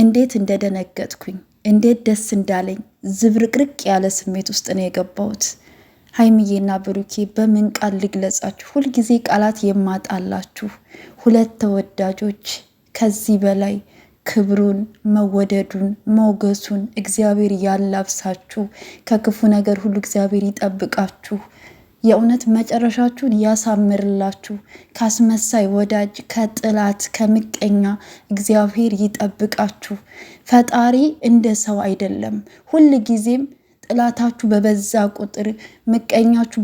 እንዴት እንደደነገጥኩኝ እንዴት ደስ እንዳለኝ ዝብርቅርቅ ያለ ስሜት ውስጥ ነው የገባሁት። ሀይምዬና ብሩኬ በምን ቃል ልግለጻችሁ? ሁልጊዜ ቃላት የማጣላችሁ ሁለት ተወዳጆች ከዚህ በላይ ክብሩን መወደዱን ሞገሱን እግዚአብሔር ያላብሳችሁ፣ ከክፉ ነገር ሁሉ እግዚአብሔር ይጠብቃችሁ። የእውነት መጨረሻችሁን ያሳምርላችሁ። ካስመሳይ ወዳጅ፣ ከጥላት ከምቀኛ እግዚአብሔር ይጠብቃችሁ። ፈጣሪ እንደ ሰው አይደለም። ሁል ጊዜም ጥላታችሁ በበዛ ቁጥር ምቀኛችሁ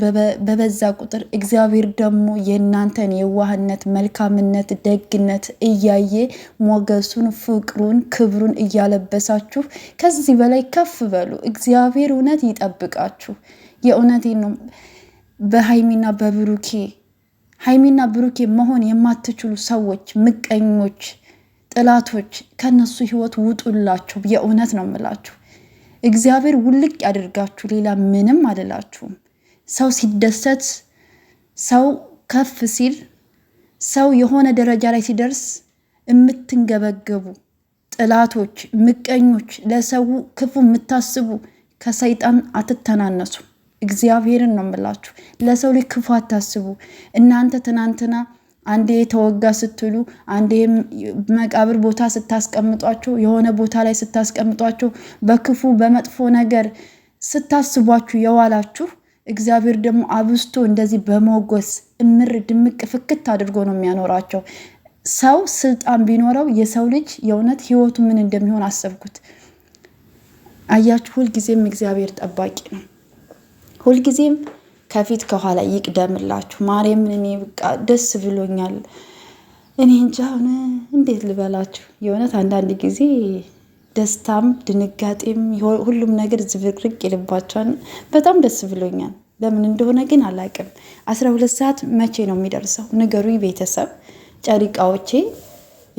በበዛ ቁጥር እግዚአብሔር ደግሞ የእናንተን የዋህነት፣ መልካምነት፣ ደግነት እያየ ሞገሱን፣ ፍቅሩን፣ ክብሩን እያለበሳችሁ ከዚህ በላይ ከፍ በሉ። እግዚአብሔር እውነት ይጠብቃችሁ። የእውነቴን ነው። በሀይሚና በብሩኬ ሀይሚና ብሩኬ መሆን የማትችሉ ሰዎች፣ ምቀኞች፣ ጥላቶች ከነሱ ህይወት ውጡላችሁ። የእውነት ነው ምላችሁ። እግዚአብሔር ውልቅ ያደርጋችሁ። ሌላ ምንም አልላችሁም። ሰው ሲደሰት፣ ሰው ከፍ ሲል፣ ሰው የሆነ ደረጃ ላይ ሲደርስ የምትንገበገቡ ጥላቶች፣ ምቀኞች፣ ለሰው ክፉ የምታስቡ ከሰይጣን አትተናነሱ። እግዚአብሔርን ነው የምላችሁ። ለሰው ልጅ ክፉ አታስቡ። እናንተ ትናንትና አንዴ ተወጋ ስትሉ፣ አንዴ መቃብር ቦታ ስታስቀምጧቸው፣ የሆነ ቦታ ላይ ስታስቀምጧቸው፣ በክፉ በመጥፎ ነገር ስታስቧችሁ የዋላችሁ እግዚአብሔር ደግሞ አብስቶ እንደዚህ በመጎስ እምር ድምቅ ፍክት አድርጎ ነው የሚያኖራቸው። ሰው ስልጣን ቢኖረው የሰው ልጅ የእውነት ህይወቱ ምን እንደሚሆን አሰብኩት። አያችሁ፣ ሁልጊዜም እግዚአብሔር ጠባቂ ነው። ሁልጊዜም ከፊት ከኋላ ይቅደምላችሁ። ማርያምን እኔ በቃ ደስ ብሎኛል። እኔ እንጃ እንዴት ልበላችሁ፣ የእውነት አንዳንድ ጊዜ ደስታም ድንጋጤም ሁሉም ነገር ዝብርቅርቅ ይልባቸዋል። በጣም ደስ ብሎኛል። ለምን እንደሆነ ግን አላውቅም። አስራ ሁለት ሰዓት መቼ ነው የሚደርሰው? ንገሩ ቤተሰብ። ጨሪቃዎቼ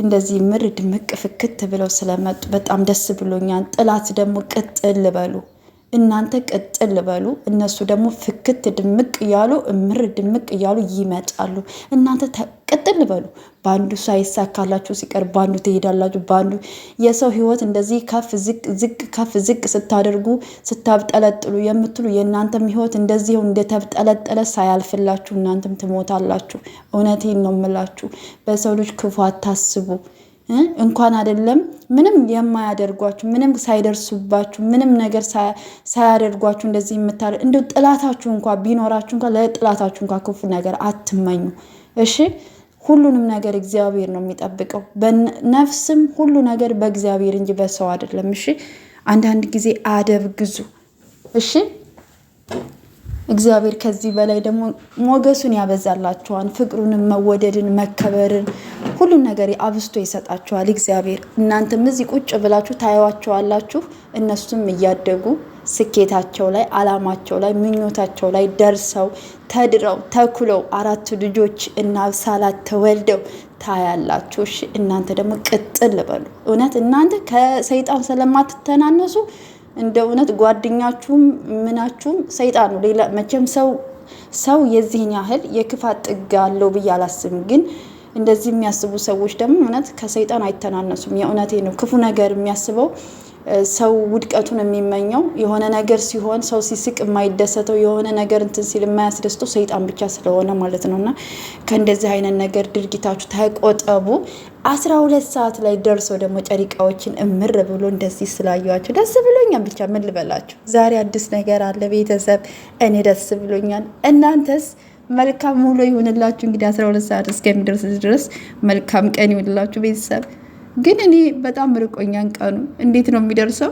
እንደዚህ ምር ድምቅ ፍክት ብለው ስለመጡ በጣም ደስ ብሎኛል። ጥላት ደግሞ ቅጥል ልበሉ እናንተ ቅጥል በሉ፣ እነሱ ደግሞ ፍክት ድምቅ እያሉ እምር ድምቅ እያሉ ይመጣሉ። እናንተ ቅጥል በሉ። በአንዱ ሳይሳካላችሁ ሲቀር በአንዱ ትሄዳላችሁ። በአንዱ የሰው ህይወት እንደዚህ ከፍ ዝቅ ዝቅ ከፍ ዝቅ ስታደርጉ ስታብጠለጥሉ የምትሉ የእናንተም ህይወት እንደዚህው እንደተብጠለጠለ ሳያልፍላችሁ እናንተም ትሞታላችሁ። እውነቴን ነው የምላችሁ። በሰው ልጅ ክፉ አታስቡ። እንኳን አይደለም ምንም የማያደርጓችሁ ምንም ሳይደርሱባችሁ ምንም ነገር ሳያደርጓችሁ እንደዚህ የምታደ እንደ ጥላታችሁ እንኳ ቢኖራችሁ እንኳ ለጥላታችሁ እንኳ ክፉ ነገር አትመኙ። እሺ ሁሉንም ነገር እግዚአብሔር ነው የሚጠብቀው። በነፍስም ሁሉ ነገር በእግዚአብሔር እንጂ በሰው አይደለም። እሺ አንዳንድ ጊዜ አደብ ግዙ። እሺ እግዚአብሔር ከዚህ በላይ ደግሞ ሞገሱን ያበዛላችኋል። ፍቅሩንም፣ መወደድን፣ መከበርን ሁሉን ነገር አብስቶ ይሰጣችኋል እግዚአብሔር። እናንተም እዚህ ቁጭ ብላችሁ ታየዋቸዋላችሁ። እነሱም እያደጉ ስኬታቸው ላይ፣ አላማቸው ላይ፣ ምኞታቸው ላይ ደርሰው ተድረው ተኩለው አራት ልጆች እና ሳላት ተወልደው ታያላችሁ። እናንተ ደግሞ ቅጥል በሉ። እውነት እናንተ ከሰይጣን ስለማትተናነሱ እንደ እውነት ጓደኛችሁም ምናችሁም ሰይጣን ነው። ሌላ መቼም ሰው ሰው የዚህን ያህል የክፋት ጥግ አለው ብዬ አላስብም። ግን እንደዚህ የሚያስቡ ሰዎች ደግሞ እውነት ከሰይጣን አይተናነሱም። የእውነቴ ነው ክፉ ነገር የሚያስበው ሰው ውድቀቱን የሚመኘው የሆነ ነገር ሲሆን ሰው ሲስቅ የማይደሰተው የሆነ ነገር እንትን ሲል የማያስደስተው ሰይጣን ብቻ ስለሆነ ማለት ነው። እና ከእንደዚህ አይነት ነገር ድርጊታችሁ ተቆጠቡ። አስራ ሁለት ሰዓት ላይ ደርሶ ደግሞ ጨሪቃዎችን እምር ብሎ እንደዚህ ስላየኋቸው ደስ ብሎኛል። ብቻ ምን ልበላችሁ፣ ዛሬ አዲስ ነገር አለ ቤተሰብ፣ እኔ ደስ ብሎኛል። እናንተስ መልካም ውሎ ይሁንላችሁ። እንግዲህ አስራ ሁለት ሰዓት እስከሚደርስ ድረስ መልካም ቀን ይሁንላችሁ ቤተሰብ። ግን እኔ በጣም ርቆኛን ቀኑ እንዴት ነው የሚደርሰው?